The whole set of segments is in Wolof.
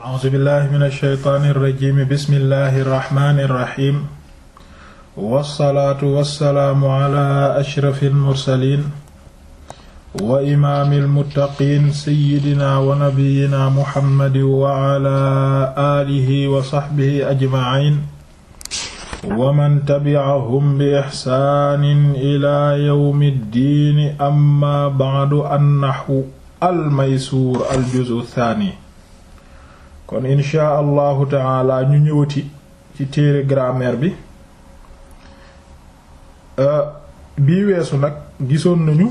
a'uuzu billaahi mina shaytaani rajiim bismillaahi rahmaani rahiim wassalaatu wassalaamu alaa ashrafil mursaliin wa imaamil muttaqiin sayyidinaa wa nabiyyinaa muhammadin wa alaa aalihi wa sahbihi ajma'iin wa man tabi'ahum bi ihsaanin ilaa yawmi ddiin ammaa ba'du an-nahwu al-maysuur al-juz'u thaani kon insha allahu taala ñu ñëwati ci téere grammaire bi euh, bii weesu nag gisoon nañu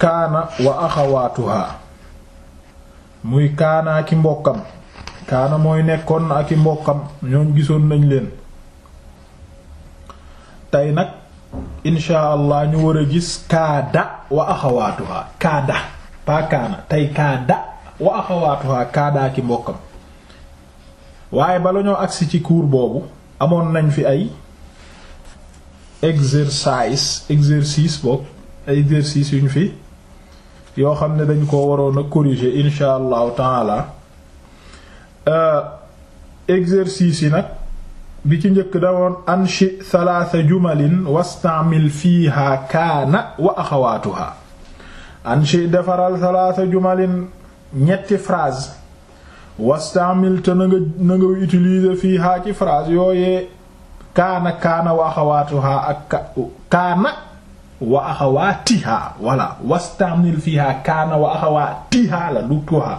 kaana wa axawaatuha muy kaana ak i mbokkam kaana mooy nekkoon na ak i mbokkam ñoom gisoon nañ leen tey nag insha allah ñu war a gis kaada wa axawaatuha kaada pas kaana tey kaada wa axawaatuha kaadaaki mbokkam waaye balañoo agsi ci cours boobu amoon nañ fi ay exercice exercice boobu ay exercice yuñ fi yoo xam ne dañ ko waroon a corriger insha allahu taala euh, exercice yi nag bi ci njëkk dawoon anchi thalatha jumalin wastaamil fiiha kaana wa axawaatuha anchi defaral thalatha jumalin ñetti phrase wastaamil te na nga na nga utiliser fii haa ci phrase yooyee kaana kaana wa axawaatuhaa ak kaana wa axawaatihaa walla wastaamil fiihaa kaana wa axawaatihaa la du tuhaa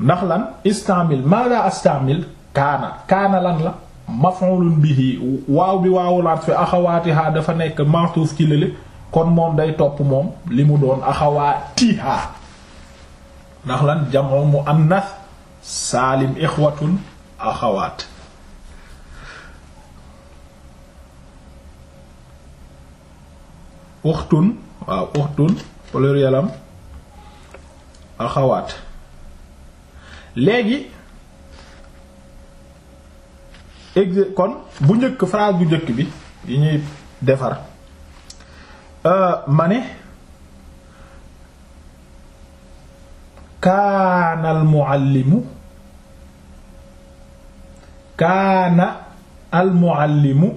ndax lan istaamil maada astaamil kaana kaana lan la maf'ulun bihi waaw bi waawulaat fi axawaatihaa dafa nekk ma'tuuf ci lële kon moom day topp moom li mu doon axawaatihaa ndax lan jamoo mu annas saalim ixwatun axawaat uxtun waaw uxtun pluriel am axawaat léegi exe kon bu njëkk phrase bu njëkk bi yi ñuy defar euh, ma ne kaana al muallimu kaana al muallimu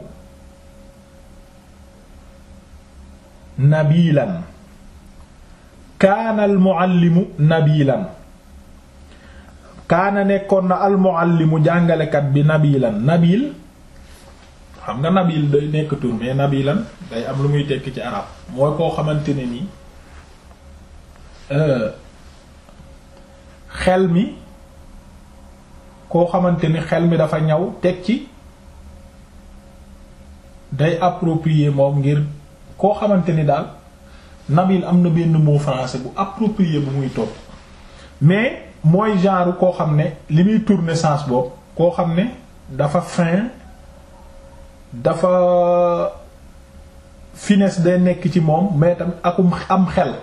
nabilan kaana al muallimu kaana nekkoon na al muallimu jàngalekat bi nabilan nabil xam nga nabil day nekk tur mais day am lu muy tekki ci arab mooy koo xamante ne nii euh, xel mi koo xamante ni xel mi dafa ñaw teg ci day approprier moom ngir koo xamante ni daal Nabil am na benn mot français bu approprier bu muy topp mais mooy genre koo xam ne li muy tourner sens boobu koo xam ne dafa fin dafa finesse day nekk ci moom mais tamit akum am xel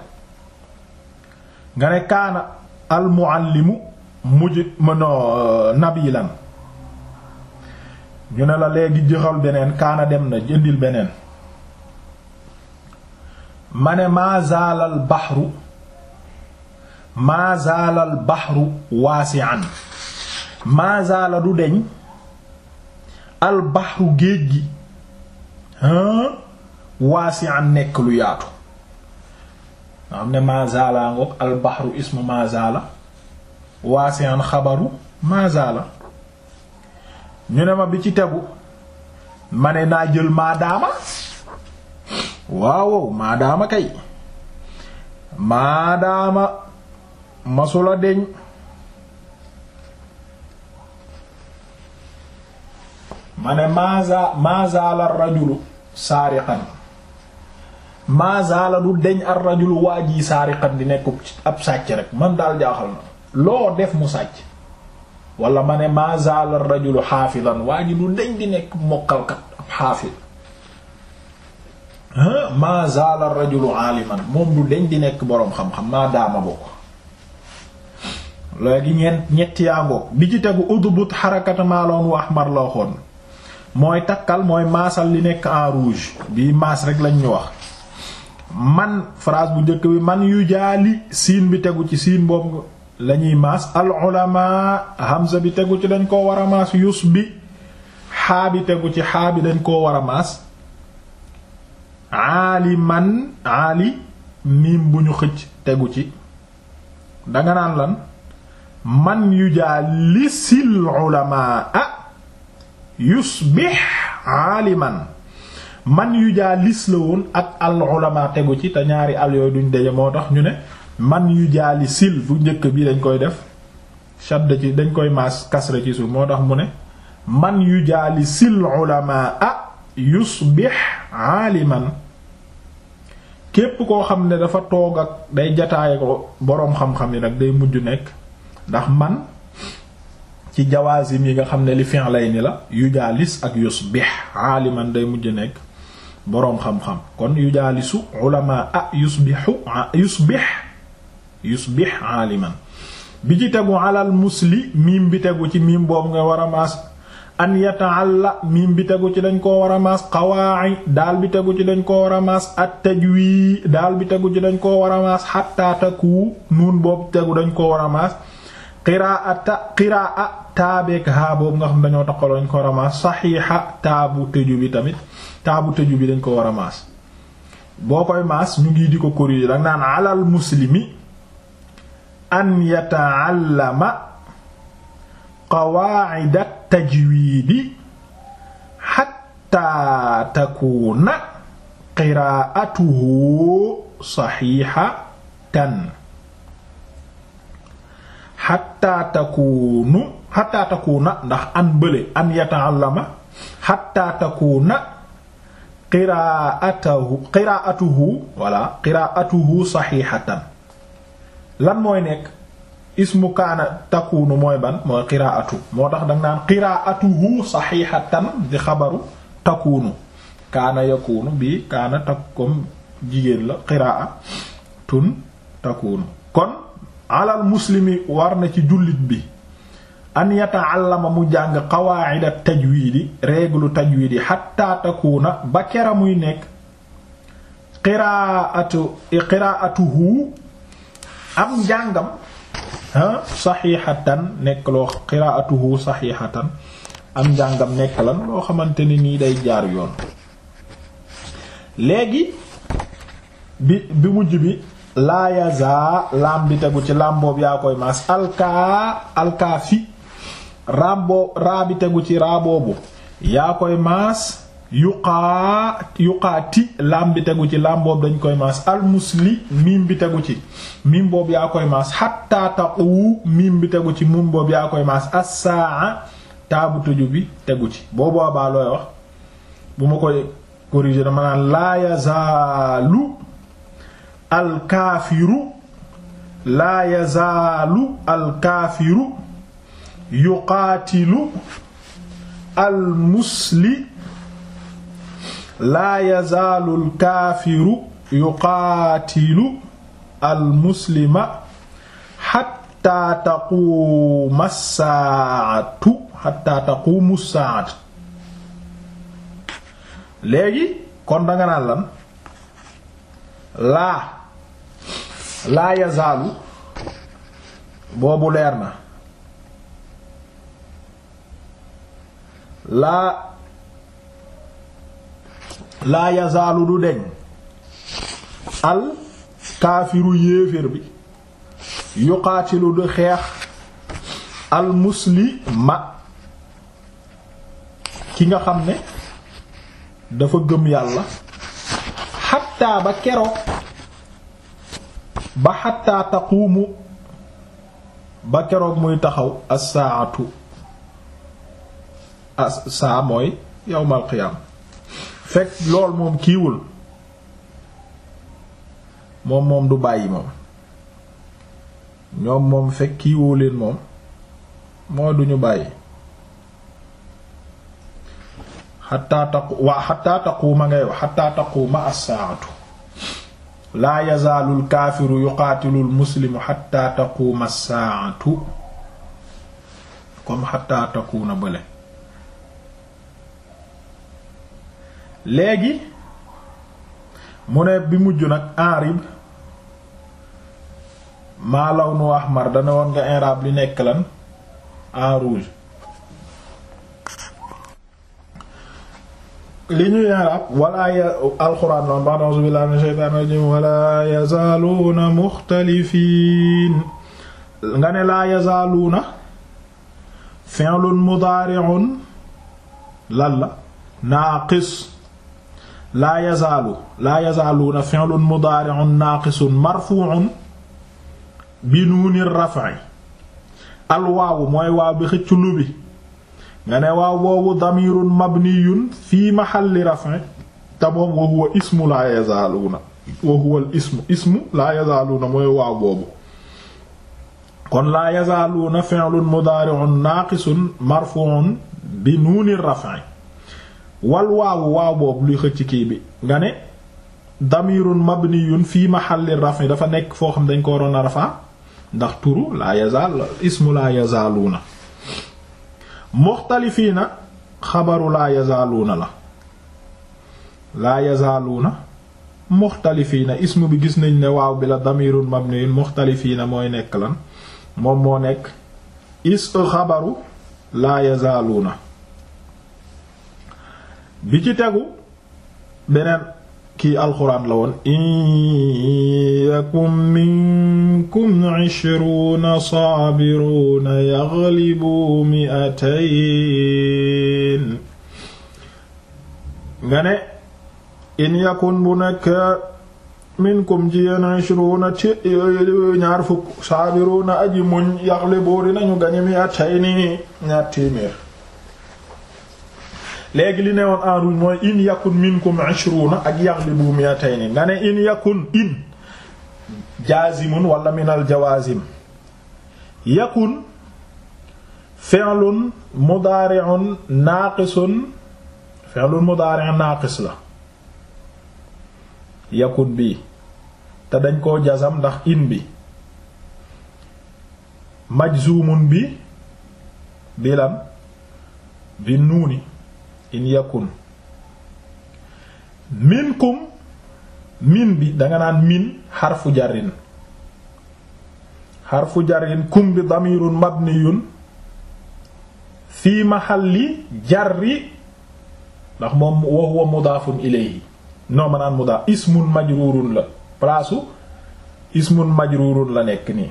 nga ne kaana almuallimu mujj mëno euh, nabilan ñu ne la léegi jëxal beneen kaana dem na jëndil beneen ma ne maa zaalal baxru maa baxru waasi'an maa zaala du deñ al baxru géej gi waasi'an nekk lu yaatu nga ne mazala ngoog albahru ismu mazala waasi'an xabaru mazala ñu ne ma bi ci tegu ma ne naa jël maadaama waawow maadaama kay maadaama masula deñ ma ne maza rajulu saariqan maazaala du deñ ar rajulu waa ji saariqan di nekk ab sàcc rek man daal jaaxal na loo def mu sàcc wala ma ne maazaala ar rajulu xaafidan waa ji du deñ di nekk mokkalkat ab xaafid maazaala ar rajulu aaliman moom du deñ di nekk boroom xam-xam maa daama bokk léegi ñeent ñetti yaa ngoog bi ci tegu udbut xarakata maaloon wa ahmar mooy takkal mooy maasal li nekk en rouge bii maas rek lañ ñu wax man phrase bu njëkk bi man yu jaali siin bi tegu ci siin boobu lañuy ñuy maas al ulama hamza bi tegu ci lañ koo war a maas yus bi xaa bi tegu ci xaa bi dañ koo war a maas aali man aali miim bu ñu xëcc tegu ci danga naan lan man yu jaalisil ulama ah yusbih aaliman man yu jaa lis la woon ak al tegu ci te ñaari al yooyu duñ daje moo tax ñu ne man yu jaa li sil bu njëkk bi dañ koy def shadd ci dañ koy maas kasra ci suuf moo tax mu ne man yu jaa li sil ulama képp koo xam ne dafa toog ak day jataay ko boroom xam yi nag day mujj nekk ndax man ci jawaazim yi nga xam ne li fi'layni la yujaalis ak yusbih aaliman day mujj nekk boroom xam-xam kon yujaalisu ulama a yusbihu yusbih yusbih aaliman bi ci tegu alal musli miim bi tegu ci miim boobu nga war a maas an yataalla miim bi tegu ci dañ koo war a maas qawaai daal bi tegu ci dañ koo war a maas at tajwii daal bi tegu ci dañ koo war a maas xatta taku nuun boobu dañ koo war a maas qiraata qiraa taabeek haa boobu nga xam dañoo taxaloñ ko war a maas saxiixa taabu tëju bi tamit taabu bi dañ ko war a maas boo koy maas ñu ngi di ko corriger danga naan alal muslimi an yata'allama qawaa'ida tajwiidi hatta takuuna qiraa'atuhu saxiixatan hatta takuunu takuuna ndax an bële an yata'allama hatta takuuna qiraatahu qiraatuhu walla qiraatuhu saxiixatan lan mooy nekk ismu kaana takunu mooy ban mooy qiraatu moo tax danga naan qiraatuhu saxiixatan di xabaru takunu kaana yakunu bi kaana takkum jigéen la qiraatun takunu kon alal muslimi war na ci jullit bi an yata'allama mu jàng qawaa'ida tajwiidi règle tajwiidi xatta takuuna ba kera muy nekk qiraatu qiraatuhu am jàngam ah saxiixatan nekk loo qiraatuhu saxiixatan am njàngam nekk lan loo xamante ni nii day jaar yoon léegi bi bi mujj bi laa yazaa ci laam boobu yaa koy maas alkaa alkaafi raam boo tegu ci raa boobu yaa koy maas yuqaa yuqaati laam bi tegu ci laam boobu dañ koy maas almusli miim bi tegu ci miim boobu yaa koy maas xatta taquwu miim bi tegu ci miim boobu yaa koy maas assaa taabu tegu ci boobu abaa looy wax bu ma koy corriger dama naan laa yazaalu alkaafiru laa yazaalu alkaafiru yuqaatilu almusli laa yazaalu alkaafiru yuqaatilu almuslima xatta taquuma saatu xatta taquumu saat léegi kon danga naan lan laa laa yazaalu boobu leer na laa laa yazaalu du deñ al kaafiru yéeféer bi yuqaatilu du xeex almusli muslima ki nga xam ne dafa gëm yàlla xattaa ba keroog ba xattaa taquumu ba keroog muy taxaw ak saatu saa mooy yawmal qiyaam fekk lool moom kiiwul moom moom du bàyyi moom ñoom moom fekk kiiwoo leen moom mooy duñu bàyyi xataa waa xataa taquuma ngay wax xataa taquuma as-saa'atu laa yazaalu al-kaafiru yuqaatilu muslimu xataa taquuma as-saa'atu comme xataa takuuna bële léegi mu ne bi mujj nag enrib maa law nu ahmar dana woon nga li nekk lan en rouge li ñuy inrab wala ya alquran noon bax a'uuzu billahi minash shaytaanir rajiim wala yazaaluuna muxtalifiin nga ne laa yazaaluuna fi'lun mudaari'un lan la naaqis laa yazaalu laa yazaaluuna fi'lun mudaari'un naaqisun marfuu'un bi nuuni raf'i al waawu mooy waaw bi xëcc lu bi nga ne waaw boobu damirun mabniyun fii mahalli raf'i te moom wa huwa ismu laa yazaaluuna wa huwa al ismu ismu laa yazaaluuna mooy waaw boobu kon laa yazaaluuna fi'lun mudaari'un naaqisun marfuu'un bi nuuni raf'i wal waawu waaw boobu luy xëcc kii bi nga ne damirun mabniyun fii mahalli raf'i dafa nekk foo xam dañ ko waroon a rafa ndax turu laa yazal ismu laa yazaaluuna muxtalifiina xabaru laa yazaaluuna la laa yazaaluuna muxtalifiina ismu bi gis nañ ne waaw bi la damirun mabniyun muxtalifiina mooy nekk lan moom moo nekk is xabaru laa na bi ci tegu beneen kii alxuraan la woon in yakum minkum ishruna sabiruna yaghlibu mi'atayn in yakun bu nekk minkum ci yéen ishruna ci ñaar fukk sabiruna aji muñ yaghlibu dinañu gañe ñaar téeméer léegi li ne woon en rouge mooy in yakun minkum ishruna ak yaghlibu mi'atayn nga ne in yakun in jazimun wala minal jawazim yakun fi'lun mudari'un naqisun fi'lun mudari'un naqis la yakun bi te dañ koo jazam ndax in bi majzumun bi bilam bi nuuni in yakun minkum min bi danga naan miin xarfu jarin xarfu jarin kum bi damirun mabniyun fi mahalli jarri ndax moom wa huwa mudaafun ilayhi noo ma naan mudaaf ismun majrurun la palaasu ismun majrurun la nekk nii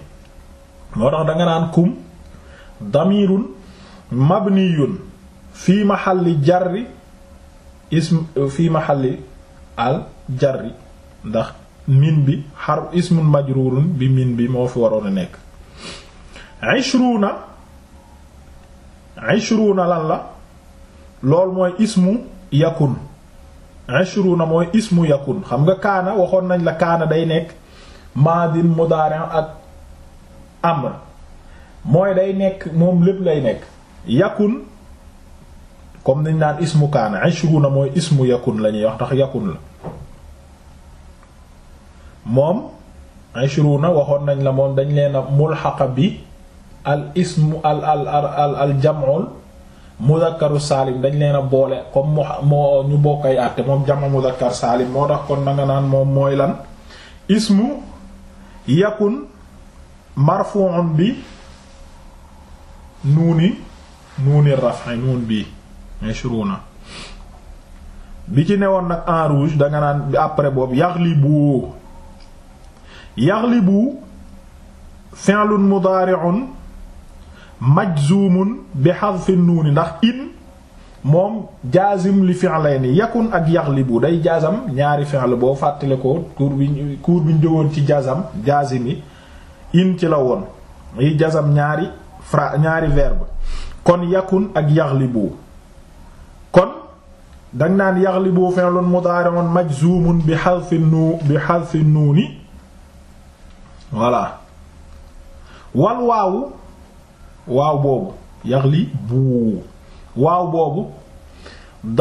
moo tax danga naan kum damirun mabniyun fii ma mahalli jarri ism fii mahalli al jarri ndax miin bi xar ismun majrurun bi miin bi moo fi waroon a nekk ishruuna ishruuna lan la lool mooy ismu yakun ishruuna mooy ismu yakun xam nga kaana waxoon nañ la kaana day nekk maadin mudaari ak amr mooy day nekk moom lépp lay nekk yakun comme nañ naan ismu kaana ashruna mooy ismu yakun la ñuy wax tax yakun la waxoon nañ la moom dañ leena mulxaqa bi al ismu al saalim dañ leen a boole comme mu moo naan moom mooy lan ismu yakun marfu'un bi nuuni nuuni raf'i nuun bii ishruna bi ci newoon nag en rouge danga naan après boobu yaghlibu yaghlibu fi'lun mudari'un majzumun bi hadfi nuuni ndax in moom jaazim li ni yakun ak yaghlibu day jaazam ñaari fi'l boo fàttale ko cours bi cours bi ñu jógoon ci jaasam jaazim yi in ci la woon yi jaazam ñaari fra ñaari verbe kon yakun ak yaghlibu dang naan yaghlibu fi'lun mudari'un majzumun bi hadfi nu bi hadfi nuuni voilà wal waawu waaw boobu yaghlibu waaw boobu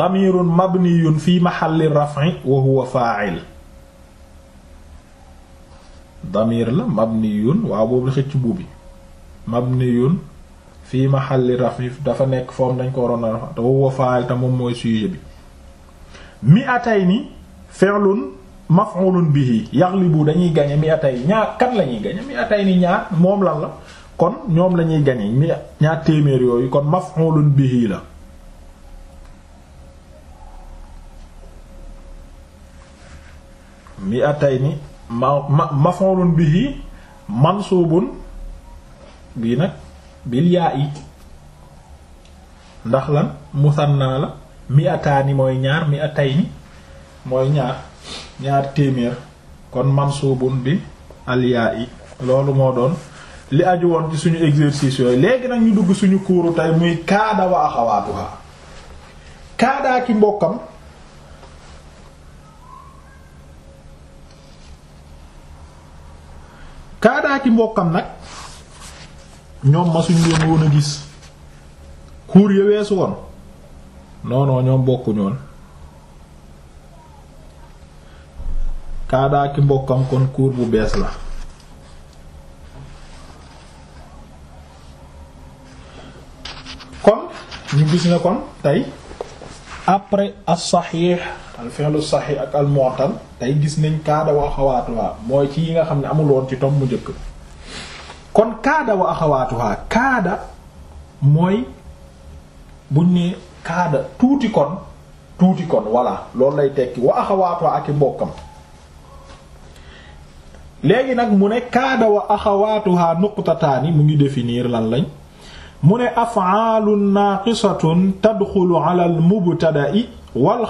damirun mabniyun fi mahalli raf'i wa waaw boobu la xëcc buubi mabniyun fi mahalli raf'i dafa nekk foom dañ ko waroon a rafa te moom mooy sujet bi mi'atayni fi'lun maf'ulun bihi yaghlibu dañuy gañe mi'atay ñaar lañuy la ñuy gañe mi'atayni ñaar moom la la kon ñoom lañuy ñuy gañe mi ñaar téeméer yooyu kon maf'ulun bihi la mi'atayni ma ma maf'ulun man mansubun bii nag bil yaa'i ndax lan musanna la mi ataani mooy ñaar mi atayni mooy ñaar ñaar téeméer kon mansubun bi alyaa i loolu moo doon li aju woon ci suñu exercice yooyu léegi nag ñu dugg suñu kuuru tey muy kaada wa axawaatuha kaadaa ki mbokkam kaadaa ki mbokkam nag ñoom ma suñu leen woon a gis kuur yi weesu woon non non ñoom bokkuñu woon kaadaaki mbokkam kon cours bu bees la kon ñu gis ne kon tey après as-sahih al fi'l sahih ak al mu'tal tey gis nañ kaada wa axawaatuha mooy ci yi nga xam ne amul ci tom mu jëkk kon kaada wa axawaatuha kaada mooy buñ ne kaada tuuti kon tuuti kon loolu lay tekki wa axawaatuha léegi nag mu ne kaada wa axawaatuha nuqtataani mu ngi définir lan lañ mu ne af'aalun naaqisatun tadxulu ala al-mubtada'i wal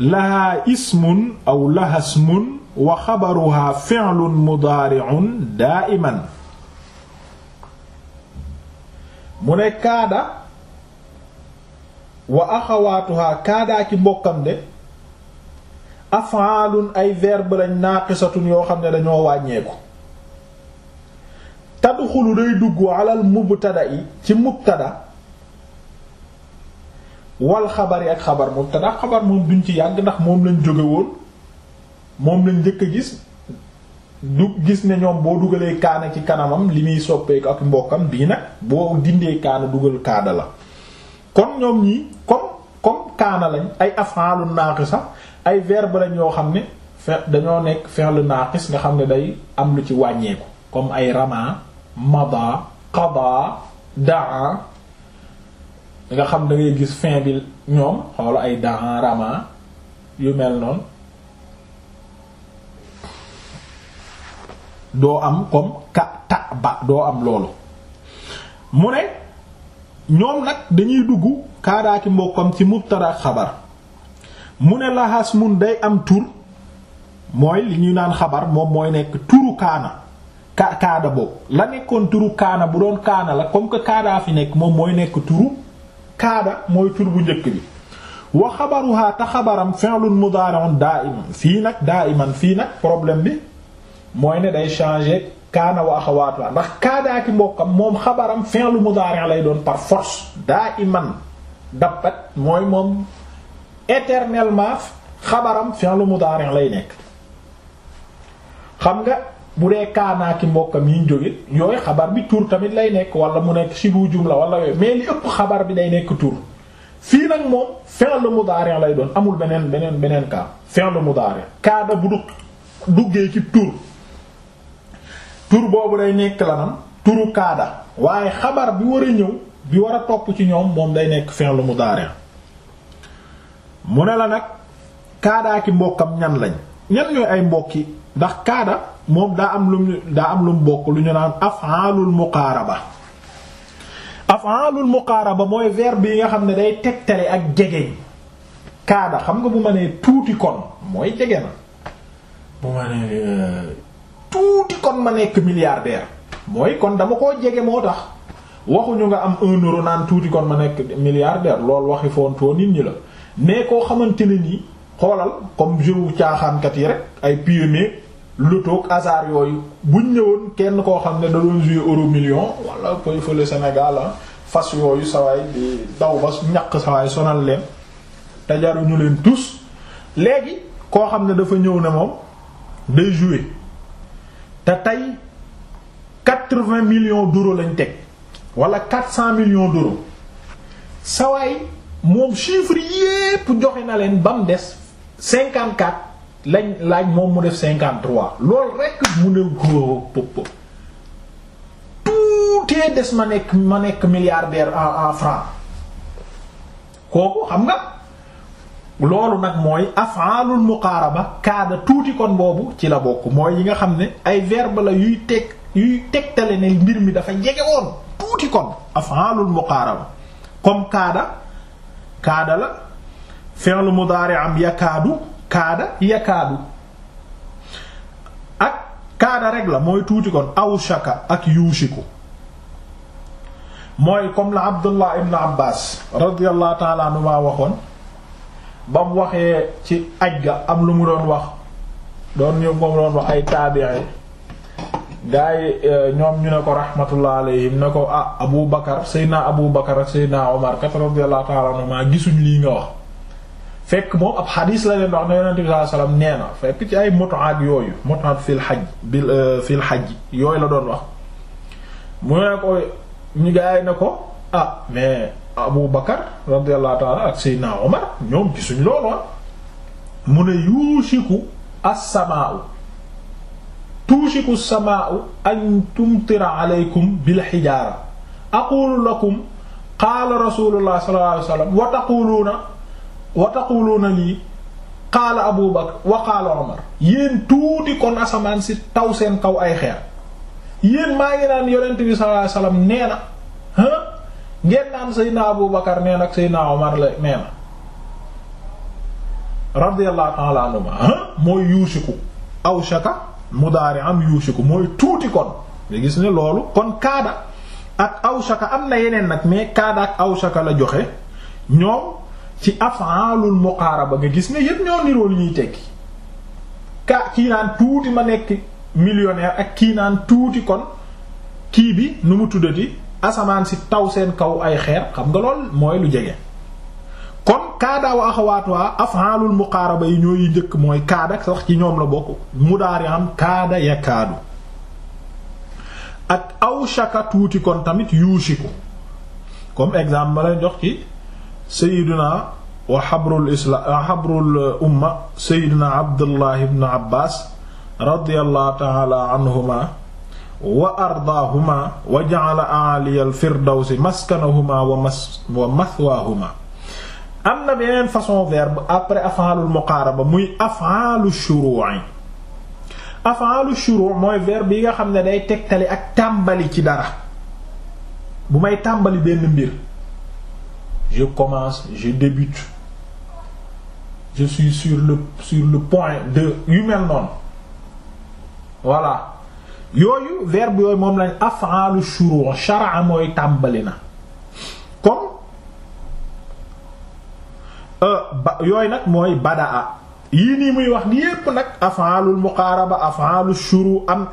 lahaa ismun aw lahaa ismun wa xabaruhaa fi'lun mudaari'un daa'iman wa axawaatuha kaadaa ci mbokkam de afaalun ay verbe lañ naaqisatun yoo xam ne dañoo wàññeeku tadxulu day dugg alal mubtada yi ci mubtada wal xabar yi ak xabar mubtada xabar moom duñ ci yàgg ndax moom lañ jóge woon moom lañ njëkk a gis du gis ne ñoom boo dugalee kaana ci kanamam li muy soppeeku ak mbokkam bii nag boo dindee kaana dugal kaada la kon ñoom ñii comme comme kaana lañ ay af'aalun naaqisa ay verbe lañ yoo xam ne fe dañoo nekk fi'l naaqis nga xam ne day am lu ci wàññeeku comme ay rama mada qada daa nga xam da ngay gis fin bi ñoom xoola ay daa rama yu mel noonu doo am comme ka ta ba doo am loolu mu ne ñoom nag dañuy dugg kaadaaki mbokkam ci mubtada ak xabar mu ne laxas mun day am tur mooy li ñuy naan xabar moom mooy nekk turu kaana ka kaada boobu la nekkoon turu kaana bu kaana la comme que kaadaa fi nekk moom mooy nekk turu kaada mooy tur bu njëkk bi wa xabaruha te xabaram fi'lun mudaari'un daa'iman fii nag daa'iman fii nag problème bi mooy ne day changer kaana wa axawaatuha ndax kaadaaki mbokkam moom xabaram fi'lu mudaari' lay doon par force daa iman dabbat mooy moom éternellement xabaram fi'lu mudaari' lay nekk xam nga bu dee ki mbokkam yi ñu jóge yooyu xabar bi tur tamit lay nekk wala mu nekk sibu jumla wala yooyu mais li xabar bi day nekk tur fii nag moom fi'lu mudaari' lay doon amul beneen beneen beneen kaa fi'lu mudaari' kaada bu du duggee ci tur tur boobu day nekk lanam turu kaada waaye xabar bi war a ñëw bi war a topp ci ñoom moom day nekk fi'lu lu mu mu ne la nag kaadaa ki mbokkam ñan lañ ñan ñooy ay mbokki ndax kaada moom daa am lum daa am lum bokk lu ñu naan af'alul muqaaraba af'alul ba mooy verbe yi nga xam ne day tegtale ak jegeñ kaada xam nga bu ma nee tuuti kon mooy jege na tuuti kon ma nekk milliardaire mooy kon dama koo jege moo tax waxuñu nga am un euro naan tuuti kon ma nekk milliardaire loolu waxi fontoo nit ñi la mais koo xamante ne nii xoolal comme jeu caaxaankat yi rek ay PME loto ak hasard yooyu buñ ñëwoon kenn koo xam ne da doon euro million wala koy fële Sénégal ah fas yooyu sawaay di daw ba ñaq sawaay sonal leen te jaruñu leen tous léegi koo xam ne dafa ñëw ne moom day jouer. te tey quatre-vingts millions d'euros lañ teg wala quatre cents millions d'euros sawaay moom chiffre yépp joxe na leen ba des cinquante-quatre lañ laaj moom mu def cinquante-trois loolu rekk mu ne pop des ma nekk ma nekk milliardaire en en franc kooku xam nga loolu nag mooy af'alul muqaaraba kaada tuuti kon boobu ci la bokk mooy yi nga xam ne ay verbe yuy teg yuy tegtale ne mbir mi dafa jege woon tuuti kon af'alul muqaaraba comme kaada kaada la mu mudaari am yakaadu kaada yakaadu ak kaada rek la mooy tuuti kon awshaka ak yuusiku mooy comme la Abdullah ibn Abbas radiyallahu ta'ala anhu ma waxoon ba mu waxee ci aj ga am lu mu doon wax doon ñu moom doon wax ay taabi'i gaa euh, ñoom ñu ne ko rahmatullah alayhim ne ko ah Abu Bakar Seydina Abu Bakar ak Seydina Omar kat radiyallahu ta'ala anhuma gisuñ lii nga wax fekk moom ab xadiis la leen wax ne yonent bi sallallahu alayhi wasallam nee na fekk ci ay mut'aat yooyu mut'aat fil xaj bil euh, fil xaj yooyu la doon wax mu ne ko ñu gaa yi ne ko ah mais Abu Bakar radiyallahu ta'ala ak Seydina Omar ñoom gisuñ loolu ah. mu ne yuushiku as-samaa'u tuushiku as-samaa'u an tumtira alaykum bil hijaara aqulu lakum qaala rasulullah sallallahu alayhi lii qaala Abu Bakar wa qaala Omar yéen tuuti kon asamaan si taw seen kaw ay xeer yéen maa ngi naan yonent bi nee na ngeen naan Seydina Abu Bakar nee na ak Seydina Omar la nee na radiyallahu ta'ala anhuma ah, mooy yuusiku aw shaka mudaari am yuusiku mooy tuuti kon nga gis ne loolu kon kaada ak aw shaka am na yeneen nag mais kaada ak aw shaka la joxe ñoom ci af'alul muqaaraba nga gis ne yépp ñoo niroo li ñuy tekki ka kii naan tuuti ma nekk millionnaire ak kii naan tuuti kon kii bi nu mu tuddati asamaan si taw seen kaw ay xeer xam nga lool mooy lu jege kon kaada wa axawaatuha af'aalul muqaaraba yi ñooy njëkk mooy kaada sax ci ñoom la bokk mu mudaari am kaada yakaadu ak awshaka tuuti kon tamit yuushiku comme exemple ma leen jox ci sayyiduna wa xabrul islam xabrul umma sayyiduna abdullah ibn abbas radiyallahu ta'ala anhuma wa ardaahuma wa ja'ala a'aliya al-firdawsi maskanahuma wa mas wa mathwaahuma am na beneen façon verbe après af'aalul muqaaraba muy af'aalu shuru'i af'aalu shuru' mooy verbe yi nga xam ne day tegtali ak tàmbali ci dara bu may tàmbali benn mbir je commence je débute je suis sur le sur le point de yu mel noonu voilà yooyu verbe yooyu moom lañ af'alu shuru' shar'a mooy tàmbali na comme euh, yooyu nag mooy badaa yii nii muy wax ni yépp nag af'alul muqaraba af'alu shuru' am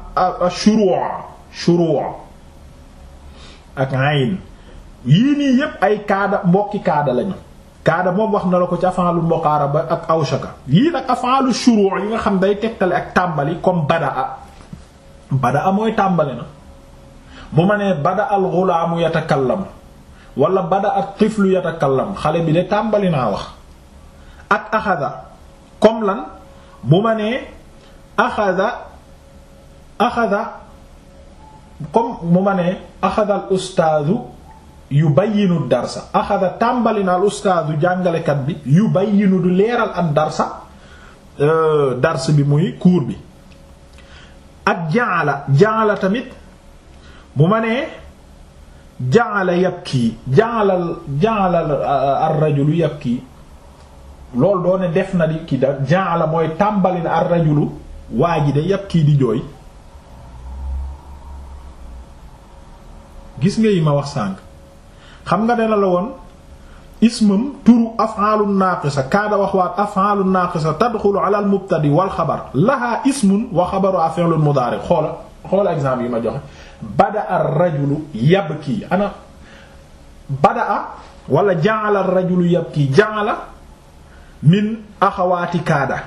shuru' shuru' ak ayn yii nii yépp ay kaada mbokki kaada lañu kaada moom wax na la ko ci af'alul muqaraba ak awshaka yii nag af'alu shuru' yi nga xam day tegtale ak tàmbali comme badaa bada a mooy tàmbali na bu ma nee bada al xulaamu yatakallamu wala bada at tiflu yatakallam xale bi de tàmbali naa wax ak axada comme lan bu ma nee axada axada comme bu ma nee axada al ustaadu yubayyinu darsa axada tàmbali na al jàngalekat bi yubayyinu du leeral ak darsa euh, dars bi muy kuur bi ak jaala jaala tamit bu ma nee jaala yabki jaala jaala uh, ar-rajulu yabki loolu doo ne def na di ki da jaala mooy tàmbali na ar-rajulu waa ji de yabki di jooy gis nga yi ma wax sànq xam nga dana la woon ismam turu af'aalu naaqisa kaada wax waat naaqisa tadxulu ala mubtadi wal xabar lahaa ismun wa xabaruhaa fi'lun mudaari xoola xoola exemple yi ma joxe bada a rajulu yabkii ana bada a wala ja'ala rajulu yabkii ja'ala min axawaati kaada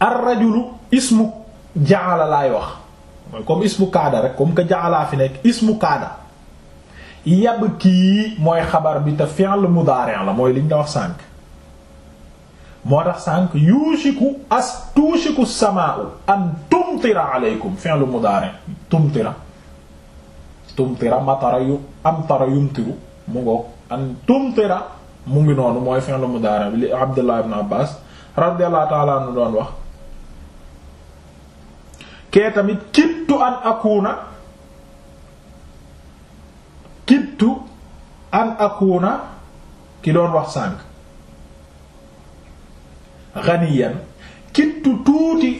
ar rajulu ismu ja'ala laay wax comme ismu kaada rek comme que ja'ala fi nekk ismu kaada yab kii mooy xabar bi te fi'l mudari' la mooy liñ la wax sànq moo tax sànq yuusiku as tuusiku samaa'u an tumtira aleykum fi'l mudari' tumtira tumtira matara yu amtara yumtiru mu ngoog an tumtira mu ngi noonu mooy fi'l mudari' bi li Abdullah ibn Abbas radiyallahu ta'ala anhu doon wax kee tamit kittu an akuna kittu an akuna ki doon wax sànq ghaniyan kittu tuuti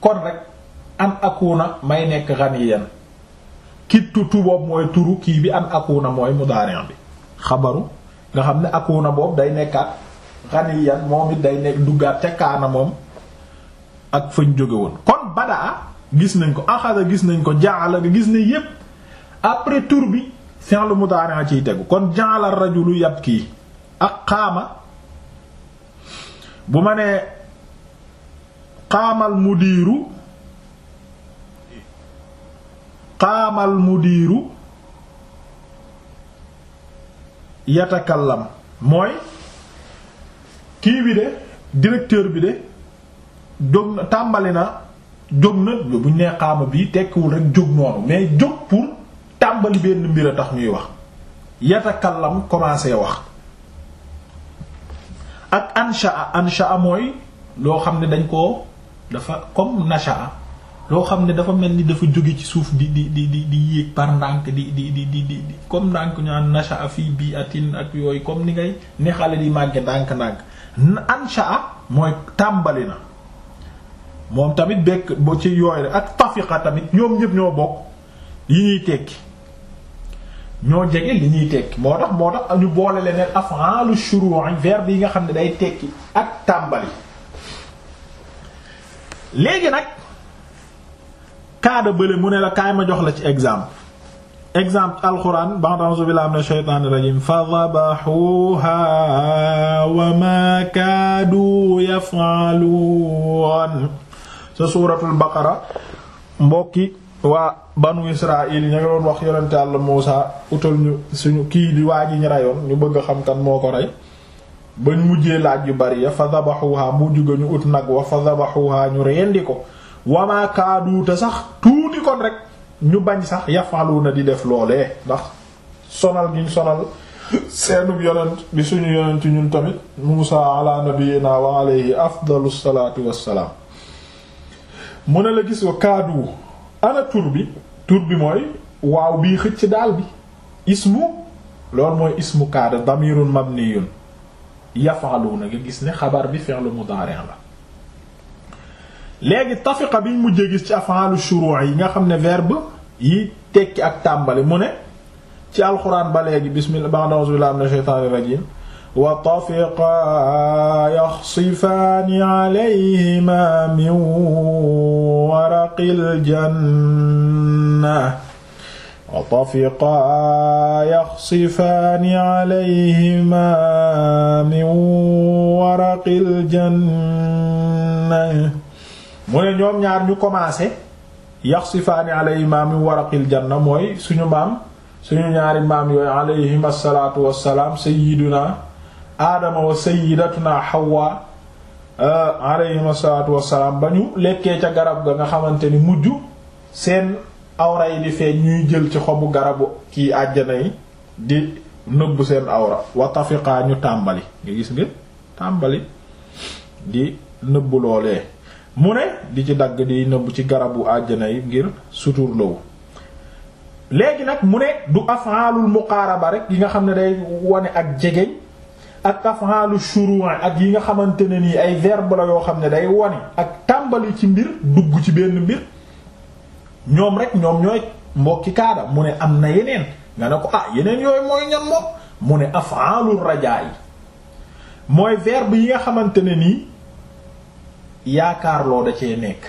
kon rek an akuna may nekk ghaniyan kittu tu boobu mooy turu kii bi am akuna mooy mudaari' bi xabaru nga xam ne akuna boobu day nekkaat ghaniyan moom it day nekk duggaat ca kaana moom ak fañ jóge woon kon badaa gis nañ ko axada gis nañ ko jaala nga gis ne yépp après tur bi fi'l mudari' ciy tegu kon ja'ala ar-rajulu yabki ak qaama bu ma nee qaamal mu qaamal mudiiru yatakallam mooy kii bi de directeur bi de jóg tàmbali na jóg na bu ñu nee qaama bii tekkiwul rek jóg noonu mais jóg pour tàmbali benn mbir a tax ñuy wax yatakallam commencé wax ak anshaa anshaa mooy loo xam ne dañ koo dafa comme nashaa loo xam ne dafa mel ni dafa jóge ci suuf di di di di di yéeg par ndànk di di di di comme ndànk ñu naan nashaa fii bii atin ak yooyu comme ni ngay ni xale di màgge ndànk-ndànk anshaa mooy tàmbali na moom tamit bekk ba ci yooyu ak tafiqa tamit ñoom ñëpp ñoo bokk yi ñuy tekki ñoo jege li ñuy tekki moo tax moo tax ñu boole leneen af'alu shuru'i verbe yi nga xam ne day tekki ak tàmbali léegi nag kaada bële mu ne la kaay ma jox la ci exemple exemple alquran ba'da a'uuzu billahi minash shaytaanir rajiim fa dabahuha wa ma kaadu yaf'aluun sa suuratul baqara mbokki waa banu Israël ña ngi doon wax yonent Yàlla Muusa utal ñu suñu kii di waa ji ñu reyoon ñu bëgg a xam kan moo ko rey bañ mujjee laaj yu bari ya fa dabaxuha mujj ñu ut nag wa fa dabaxuha ñu rendi ko wamaa kaaduuta sax tuuti kon rek ñu bañ sax yafalu na di def loolee ndax sonal gi ñu sonal seenub yonent bi suñu yonent ñun tamit Muusa ala nabiyyina wa alayhi afdalu salaatu wassalaam mu ne la gis wa kaadu ana tur bi tur bi mooy waaw bii xëcc daal bi ismu loolu mooy ismu kaada damirun mabniyun yaf'aluna nga gis xabar bi fi'lu mudari' la léegi tafiqa biñ mu gis ci af'alu shuru' yi nga xam ne verbe yi tekki ak tàmbali mu ne ci alxuraan ba léegi bismillah ba'da'u billahi minash shaytanir rajim wa tafiqa yaxsifaani alayhima min wara yastaqil janna wa tafiqaa yaxsifaani alayhimaa min waraqil janna mu ne ñoom ñaar ñu commencé yaxsifaani alayhimaa min waraqil janna mooy suñu maam suñu ñaari maam yooyu alayhim assalaatu wassalaam sayyiduna aadama wa sayyidatuna xawwa Euh, alayhim asalaatu wasalaam ba ñu lekkee ca garab ga nga xamante ni mujj seen awra yi di feeñ ñuy jël ci xobu garabu kii àjjana yi di nëbbu seen awra wa ñu tàmbali nga gis nga tàmbali di nëbb loolee mu ne di ci dagg di nëbbu ci garabu àjjana yi ngir sutur lawu léegi nag mu ne du afaalul muqaaraba rek yi nga xam ne day wone ak jegeñ ak af'alu shuru' ak yi nga xamante ne nii ay verbe la yoo xam ne day wone ak tàmbali ci mbir dugg ci benn mbir ñoom rek ñoom ñooy mbokki kaada mu ne am na ne ko ah yeneen mooy ñam moom mu ne af'alu rajaa yi mooy verbe yi nga xamante ne nii yaakaar da cee nekk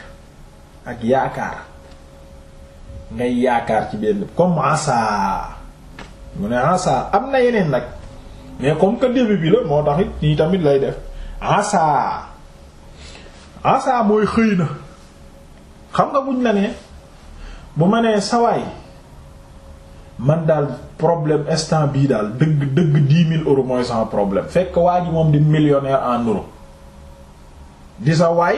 ak yaakaar yaakaar ci benn comme asa mu ne am na yeneen nag mais comme que début bi la moo tax nii tamit lay def asa asa mooy xëy na xam nga buñ la ne bu ma nee sawaay man daal problème instant bii daal dëgg dëgg dix mille euros mooy sans problème fekk waa moom di millionnaire en euros di sa waay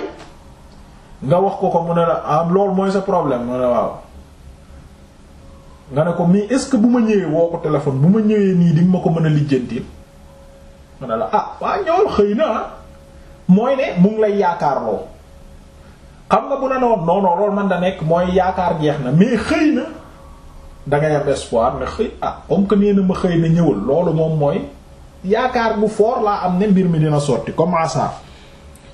nga wax ko ko mu ne la ah loolu mooy sa problème mu ne waaw nga ne ko mais est-ce que bu ma ñëwee woo ko téléphone bu ma ñëwee nii di ma ko mën a lijjanti ma ne la ah waa ñëwal xëy na ah. mooy ne mu ngi lay yaakaar loo xam nga bu ne noonu non non loolu man da nekk mooy yaakaar jeex na mais xëy na da ngay am espoir ne xëy ah comme que nee na ma xëy na ñëwal loolu moom mooy yaakaar bu fort laa am ne mbir mi dina sotti comme asa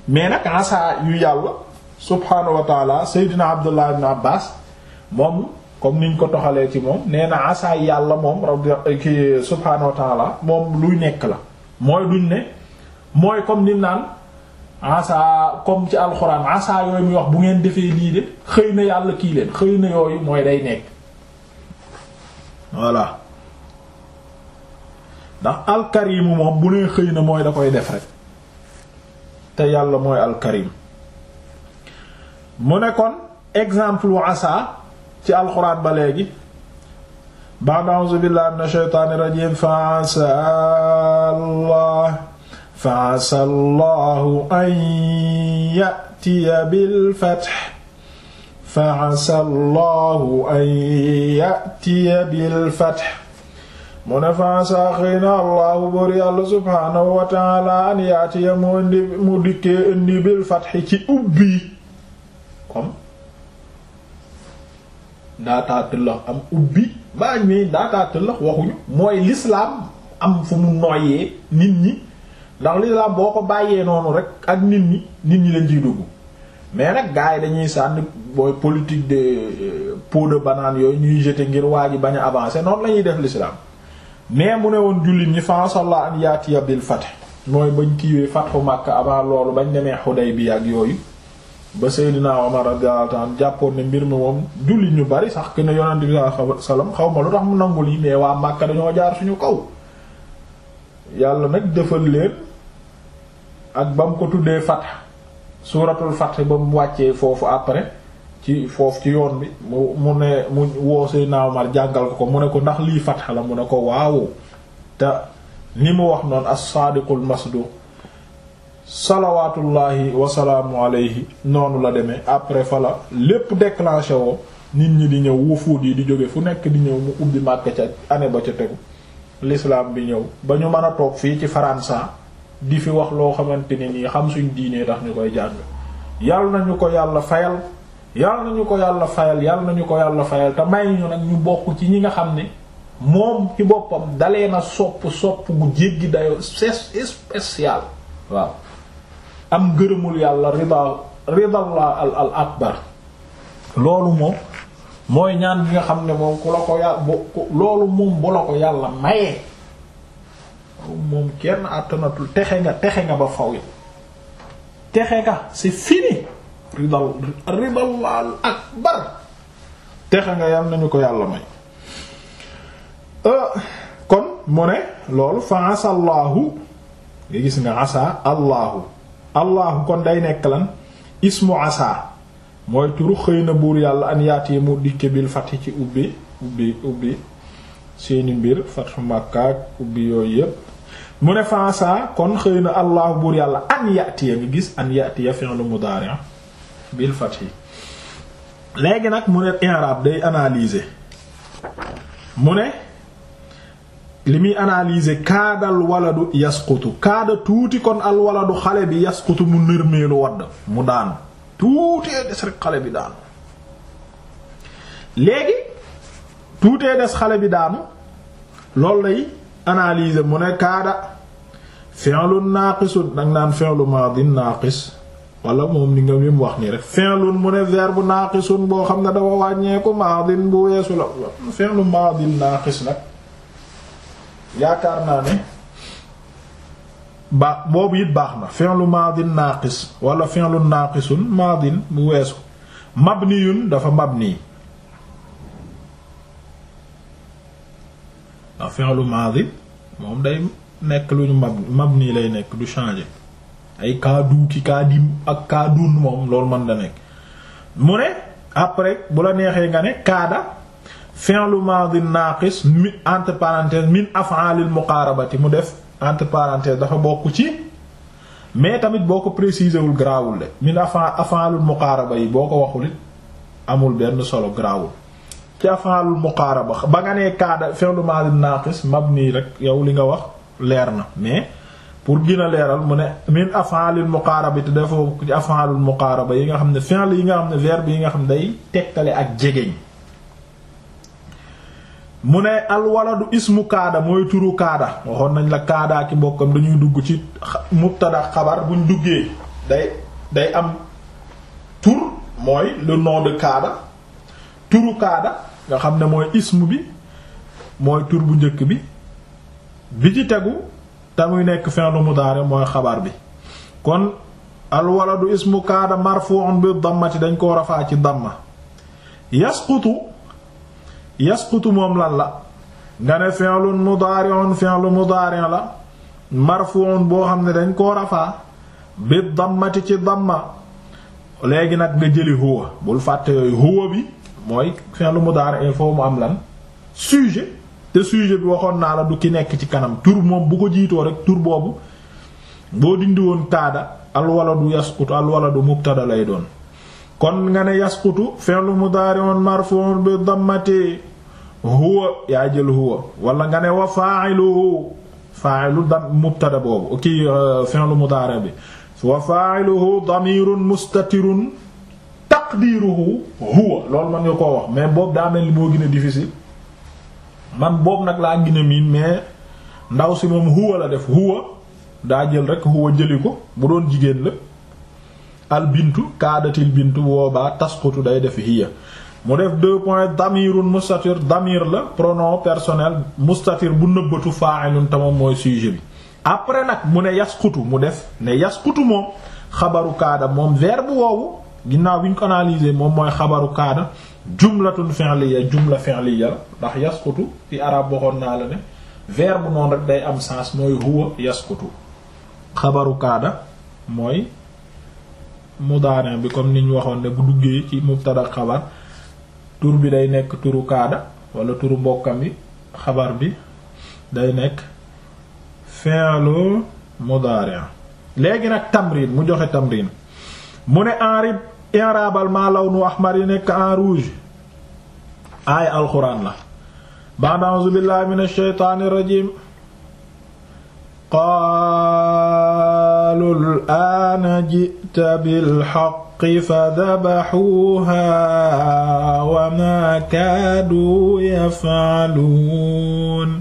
mais nag asa yu yàlla subhaanahu wa Seydina Abdullah ibn Abbas moom. comme niñ ko toxalee ci moom nee na asaay yàlla moom rabbi ki subhaanahu wa moom luy nekk la mooy duñ ne mooy comme ni naan asa comme ci alxuraan asa yooyu muy wax bu ngeen defee lii de xëy na yàlla kii leen xëy na yooyu mooy day nekk voilà ndax alkarimu moom bu nee xëy na mooy da koy def rek te yàlla mooy alkarim mu ne exemple wu asa ci alxuraan ba léegi ba'da a'uuzu billahi mina shaytaani rajiim fa asa allah fa asa allahu an ya'tiya bil fath fa asa allahu an ya'tiya bil fath mu ne fa asa xëy na allahu bor yàlla subhaanahu wa taala an ya'tiya mu indi mu dikkee indi bil fath ci ubbi comme daataa tëllax am ubbi baa ñuy daataa tëllax waxuñu mooy lislaam am fu mu noyyee nit ñi ndax l'islam boo ko bàyyee noonu rek ak nit ñi nit ñi lañ ciy dugg mais nag gars yi dañuy sànni booy politique de euh, peau de banane yooyu ñuy jeter ngir waa ji bañ a avancer noonu la ñuy def l'islam mais mu ne woon jullit ñi fansallah an yaatiya bil fath mooy bañ kiiwee fathu Makka avant loolu bañ demee Hudaybiya ak yooyu ba Seydina Omar radiyallahu ta'ala jàppoon ne mbir mi moom jullit ñu bari sax que ne yonent bi sallallahu alayhi xaw ma lu tax mu nangu lii mais waa Makka dañoo jaar suñu kaw. yàlla nag defal leen ak ba mu ko tuddee Fath suuratul Fath ba mu wàccee foofu après ci foofu ci yoon bi mu mu ne mu woo Seydina Omar jàngal ko ko mu ne ko ndax lii Fath la mu ne ko waaw te li mu wax noonu as-Sadiqul Masduq salawaatullahi wasalaamu alayhi noonu la demee après fa la lépp déclenché woo nit ñi di ñëw wufuut yi di jóge fu nekk di ñëw mu ubbi Màkka ca année ba ca tegu lislaam bi ñëw ba ñu mën a toog fii ci faransa di fi wax loo xamante ne nii xam suñ diinee tax ñu koy jàng yàlla nañu ko yàlla fayal yàlla nañu ko yàlla fayal yàlla nañu ko yàlla fayal te may ñu nag ñu bokk ci ñi nga xam ne moom ci boppam dalee na sopp sopp gu jéggi dayo spécial waaw am ngërëmul yàlla rida ridallah al al akbar loolu moom mooy ñaan bi nga xam ne moom ku la ko yàlla loolu moom bu la ko yàlla mayee moom kenn àttanatul texe nga texe nga ba faw texe nga c'est fini ridal ridallah akbar texe nga yàlla nañu ko yàlla may euh, kon mu ne loolu fa asallahu nga gis nga asa allahu allahu kon day nekk lan ismu asa mooy turu xëy na buur yàlla an yaati mu dikke bil fati ci ubbi ubbi seeni mbir fatu màkkaak ubbi yooyu yépp mu ne faasa kon xëy na allahu buur yàlla an yatiya ngi gis an yatiya fi'lu mudari' bil fathi léegi nag mu ne i'rab day analyser mu ne li muy analyser kaadal waladu yasqutu kaada tuuti kon al waladu xale bi yasqutu mu nërmeelu wadd mu daanu tuutee des rek xale bi daanu léegi tuutee des xale bi daanu loolu lay analyser mu ne kaada fi'lun naaqisun dang naan fi'lu maadin naaqis wala moom ni nga limu wax nii rek fi'lun mu ne verbe naaqisun boo xam ne dafa wàññeeku maadin bu weesu la fi'lu maadin naaqis nag yaakaar naa ne ba boobu it baax na fi'lu maadin naaqis wala fi'lu naaqisun maadin bu weesu mabniyun dafa ni ndax fi'lu maadi moom day nekk lu ñu mab mabni lay nekk du changer ay kaadu ki kaadim ak kaadun moom loolu mën da nekk mu ne après bu la neexee nga ne kaada fi'lu maadi naaqis mi entre parenthèse min af'alil muqaarabati mu def entre parenthèse dafa bokk ci mais tamit boo ko préciser wul grawul de min af'alul muqaaraba yi boo ko waxul amul benn solo grawul ci af'alul muqaaraba ba nga nee kaada fi'lu maadi naaqis mabni rek yow li nga wax leer na mais pour gën a leeral mu ne min af'alil muqaaraba te dafa bokk ci af'alul muqaaraba yi nga xam ne fi'l yi nga xam ne verbe yi nga xam ne day tegtale ak jegeñ mu ne alwaladu ismu kaada mooy turu kaada waxoon nañ la kaadaaki ki mbokkam dañuy dugg ci mubtada xabar buñ duggee day day am tur mooy le nom de kaada turu kaada nga xam ne mooy ismu bi mooy tur bu njëkk bi bi ci tegu te muy nekk fi'lu mudaari mooy xabar bi kon alwaladu ismu kaada marfu'un bi ci dañ ko rafaa ci damma yasqutu yasqutu moom lan la nga ne fi'lun mudaari'un fi'lu mudaari' la marfu'un boo xam ne dañ koo rafaa bi dammati ci damma léegi nag nga jëli huwa bul fàtte yooyu huwa bi mooy fi'lu mudaari' il faut mu am lan sujet te sujet bi waxoon naa la du ki nekk ci kanam tur moom bu ko jiitoo rek tur boobu boo dindi woon kaada al waladu yasqutu al waladu mubtada lay doon kon nga ne yasqutu fi'lu mudari'un marfu'un bi dammati huwa yaa jël huwa wala nga ne wa fa'iluhu fa'ilu dam mubtada boobu kii uh, fi'lu mudari' bi wa fa'iluhu damirun mustatirun taqdiruhu huwa loolu man nga koo wax mais boobu daa mel ni moo gën a man boobu nag laa gën a miin mais ndaw si moom huwa la def huwa daa jël rek huwa jëli ko bu doon jigéen la al bintu kaadatil bintu boobaa tasqutu day def hiya mu def deux points damirun mustatir damir la pronom personnel mustatir bu nëbbatu fa'ilun tamam mooy sujet bi après nag mu ne yasqutu mu def ne yasqutu moom xabaru kaada moom verbe woowu ginnaaw bi ko analyser moom mooy xabaru kaada jumlatun fi'liya jumla fi'liya ndax yasqutu fi arab waxoon naa la ne verbe noonu rek day am sens mooy huwa yasqutu xabaru kaada mooy mudaarin bi comme niñ waxoon ne bu duggee ci mubtada xabar tur bi day nekk turu kaada wala turu mbokkam bi xabar bi day nekk fi'lu mudaarin léegi nag tamrin mu joxe tamrin mu ne enrib inrabal ma lawnu ahmar yi nekk en rouge aay alxuraan la ba'da a'uuzu billahi minash shaytaanir rajiim qaalu al'aana ji'ta bilhaqqi fadabahuuhaa wa maa kaaduu yaf'aluun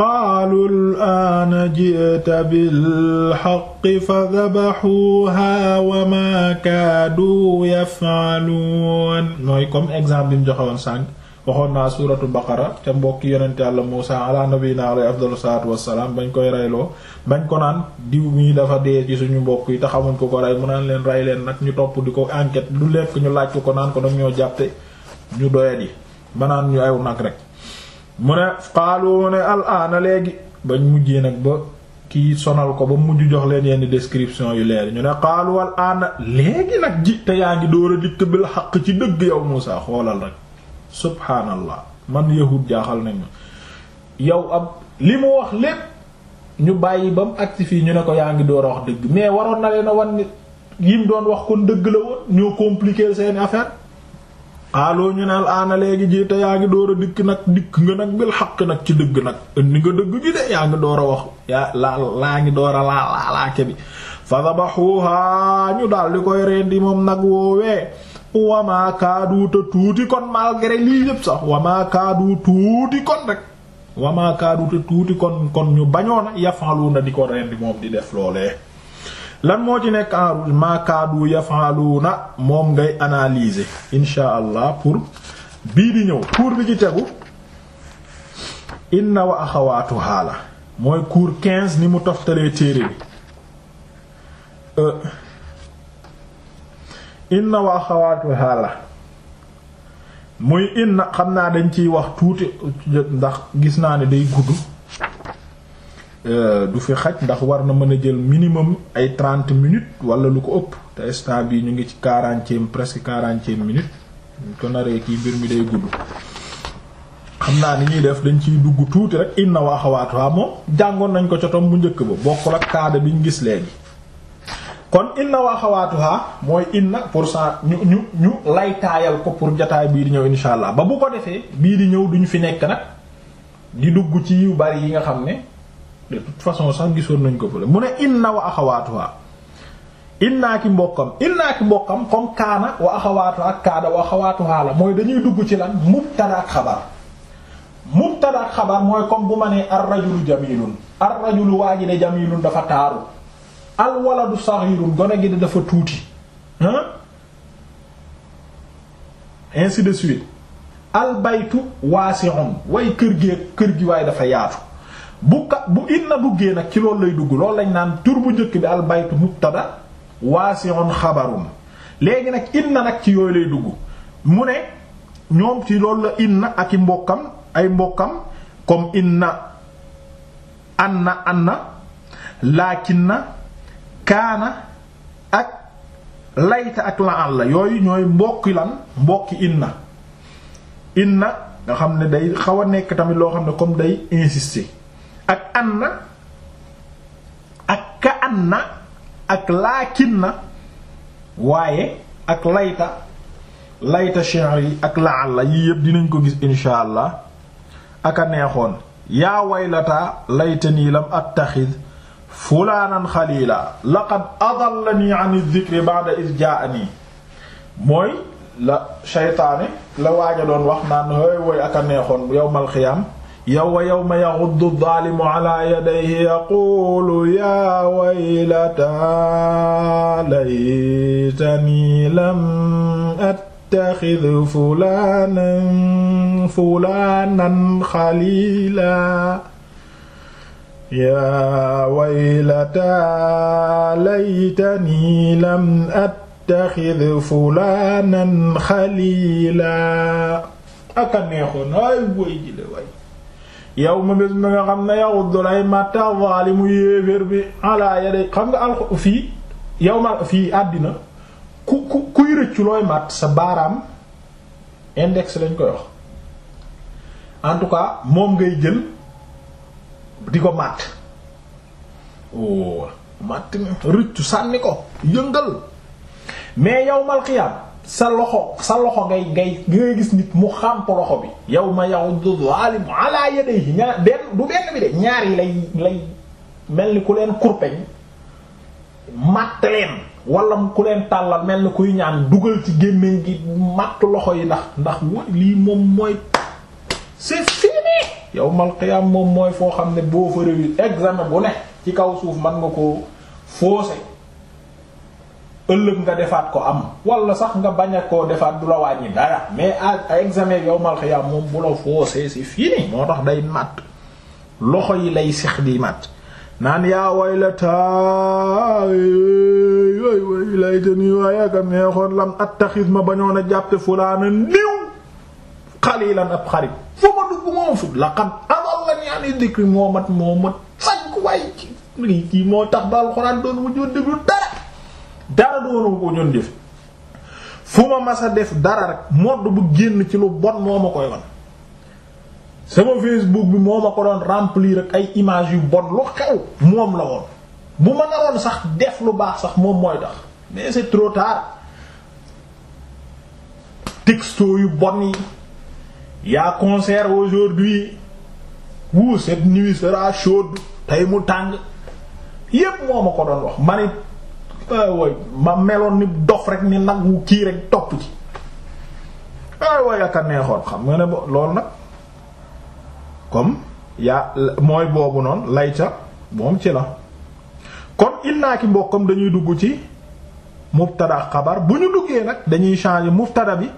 qaalu al'aana ji'ta bilhaqqi fadabahuuhaa wa maa kaaduu yaf'aluun mooy comme exemple bi mu joxe woon sànq waxoon naa suuratu baqara ca mbokk yonent yàlla Muusa ala nabiyina alayhi afdalu salaatu wassalaam bañ koy reyloo bañ ko naan diw mii dafa dee ci suñu mbokk yi te xamuñ ko ko rey mu naan leen rey leen nag ñu topp di ko enquête lu lekk ñu laaj ko ko naan ko ñoo jàpte ñu doyat yi ñu aw nag rek mu ne xaalu al aana léegi bañ mujjee nag ba kii sonal ko ba mujj jox leen yenn description yu leer ñu ne xaalu al aana léegi nag ji te yaa ngi dóor a dikk bil xaq ci dëgg yow Muusa xoolal rek subhaanallah man yahud jaaxal nañ ma yow ab li mu wax lépp ñu bàyyi ba mu agsi fii ñu ne ko yaa ngi door a wax dëgg mais waroon na leen a wan yim doon wax kon dëgg la woon ñoo compliquer seeni affaire aloo ñu ne aana léegi jiite yaa ngi door a dikk nag dikk nga nag bil xaq nag ci dëgg nag indi nga dëgg gi de yaa ngi door a wax yaa laa laa ngi door a laa laalaake bi fa dabaxuha ñu daal di koy rendi moom nag woowee wamaa kaadu te tuuti kon malgré lii yépp sax wamaa kaadu tuuti kon rek wamaa kaadu tuuti kon kon ñu bañoona yafaluuna di ko rendi moom di def loolee lan moo ci nekk en rouge maa kaadu yafaluuna moom ngay analyser insha allah pour bii di ñëw cours bi ci tegu inna wa axawaatu xaala mooy cours 15 ni mu toftalee téere bi euh, inna wa axawaatuha la muy inna xam naa dañ ciy wax tuuti ndax gis naa ni day gudd euh, du fi xaj ndax war na mën a jël minimum ay trente minutes wala lu ko ëpp te instant bi ñu ngi ci quarantième presque quarantième minutes ñu ko naree kii mbir mi day gudd xam naa ni ñuy def dañ ciy dugg tuuti rek inna wa axawaatuha moom jàngoon nañ ko cotom bu njëkk ba bokkul ak kaada biñ gis léegi kon inna waa xawaatuha mooy inna pour cent ñu ñu ñu laytaayal ko pour jataay bii di ñëw insha allah ba bu ko defee bii di ñëw duñu fi nekk nag di dugg ci yu bari yi nga xam ne de toute façon sax gisoon nañ ko fële mu ne inna wa axawaatuha innaa ki mbokkam innaa ki mbokkam comme kaana wa axawaatuha kaana wa axawaatuha la mooy dañuy dugg ci lan mubtada ak xabar mubtada ak xabar mooy comme bu ma nee ar rajulu jamilun ar waa ji de jamilun dafa taaru al waladu gone gi dafa tuuti hein ainsi de suite al baytu waasi'un way kër gee kër gi waaye dafa yaatu bu ka bu inna duggee nag ci loolu lay dugg lool lañ naan tur bu njëkk bi al baytu mubtada waasi'un xabarun léegi nag inna nag ci yooyu lay dugg mu ne ñoom ci lool la inna ak i mbokkam ay mbokkam comme inna anna anna laakinna kaana ak layta ak la àll yooyu ñooy mbokki lan mbokki inna inna nga xam ne day xaw a nekk tamit loo xam ne comme day insister ak anna ak ka anna ak laakinna waaye ak layta layta shi'r yi ak la àll yii yëpp dinañ ko gis insha allah ak a neexoon yaa waylataa layta nii lam attaxid fulaanan xalila laqad adallani an dhikri ba'da iz ja'ani mooy la shaytaane la waaja doon wax naan hooy wooy ak a neexoon yawmal xiyaam yawma yawma yaghuddu adh-dhalimu ala yadayhi yaqulu ya waylata laytani lam attakhidh fulanan fulanan xalila yaa waylataa laytanii lam attaxid fulaanan xaliilaa ak a neexoon ay woy jile way yow ma bés mi nga xam ne yaxuddu lay màtta zaalimu yéeféer bi alaa yaday xam nga alxu fii yow ma fii àddina ku kuy rëccu looy màtt sa baaraam index lañ koy wax en moom ngay jël di ko màtt oh màtt sànni ko yëngal mais yawmal qiyaam sa loxo sa loxo ngay ngay ngay gis nit mu xàmp loxo bi yawma ya'uddu zaalimu ala yadayhi ñaar benn du benn bi de ñaar yi lay lay mel ni ku leen kurpeñ màtt leen wala ku leen tàllal mel ni kuy ñaan dugal ci gémmiñ gi màtt loxo yi ndax ndax lii moom mooy c'est fini yawmal qiyaam moom mooy foo xam ne boo fa réwi bu ne ci kaw suuf man nga ko faussé ëllëg nga defaat ko am walla sax nga bañ a koo defaat du la wàññi dara mais à examen yawmal qiyaam moom bu la si fii fini moo tax day matt loxo yi lay sex di matt naan yaa waylata way way laytani waaye ak neexoon lam attaxis ma bañoon a fulaana niw xalilan ab xarit fu ma dugg moom sut laqad adallani ani dikri moo mat moo mat sànk waay ci lii kii moo tax ba alxuraan doon mu ñoon déglu dara dara doonu ko ñoon jëf fu ma masa def dara rek modd bu génn ci lu bon moo ma koy wan sama Facebook bi moo ma ko doon remplir ak ay image yu bon lu xew moom la woon bu ma naroon sax def lu baax sax moom mooy tax mais c'est trop tard yu bon yi y a concert aujourd'hui wuu cette nuit sera tey mu tàng yépp moo ma ko doon wax ma ah ma meloon ni dof rek ni nag wu kii rek topp ci ah waay waay aka neexoon xam nga ne bo loolu nag comme yaa mooy boobu noonu layta moom ci la kon illaa ki mbokkam dañuy dugg ci mubtada xabar bu ñu duggee nag dañuy change mubtada bi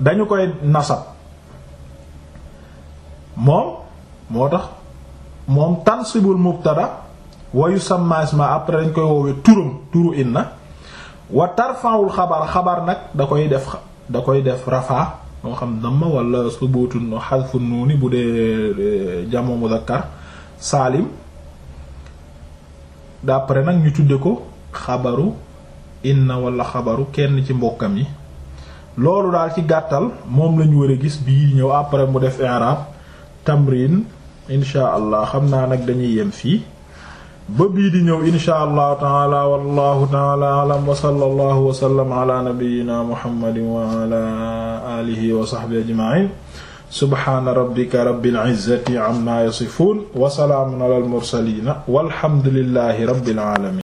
dañu koy nasab moom moo tax moom tansibul mubtada wa yusamma isma après dañ koy woowee turam turu inna wa tarfa'ul xabar xabar nag da koy def da koy def rafaa moo xam damma wala subutun xadfu nuuni bu dee eh, jamo muzakkar saalim d'après nag ñu tudde ko xabaru inna wala xabaru kenn ci mbokkam yi loolu daal ci gàttal moom lañu war a gis bii ñëw après mu def i'rab tamrin insha allah xam naa nag dañuy yem fii ba bii di ñëw insha allahu taala wallahu taala alam wa sallallahu wa sallam ala nabiyyina muhammadin wa ala alihi wa sahbihi ajma'in subhana rabbika rabbil izzati amma yasifun wa salaamun ala al mursalin walhamdulillahi rabbil alamin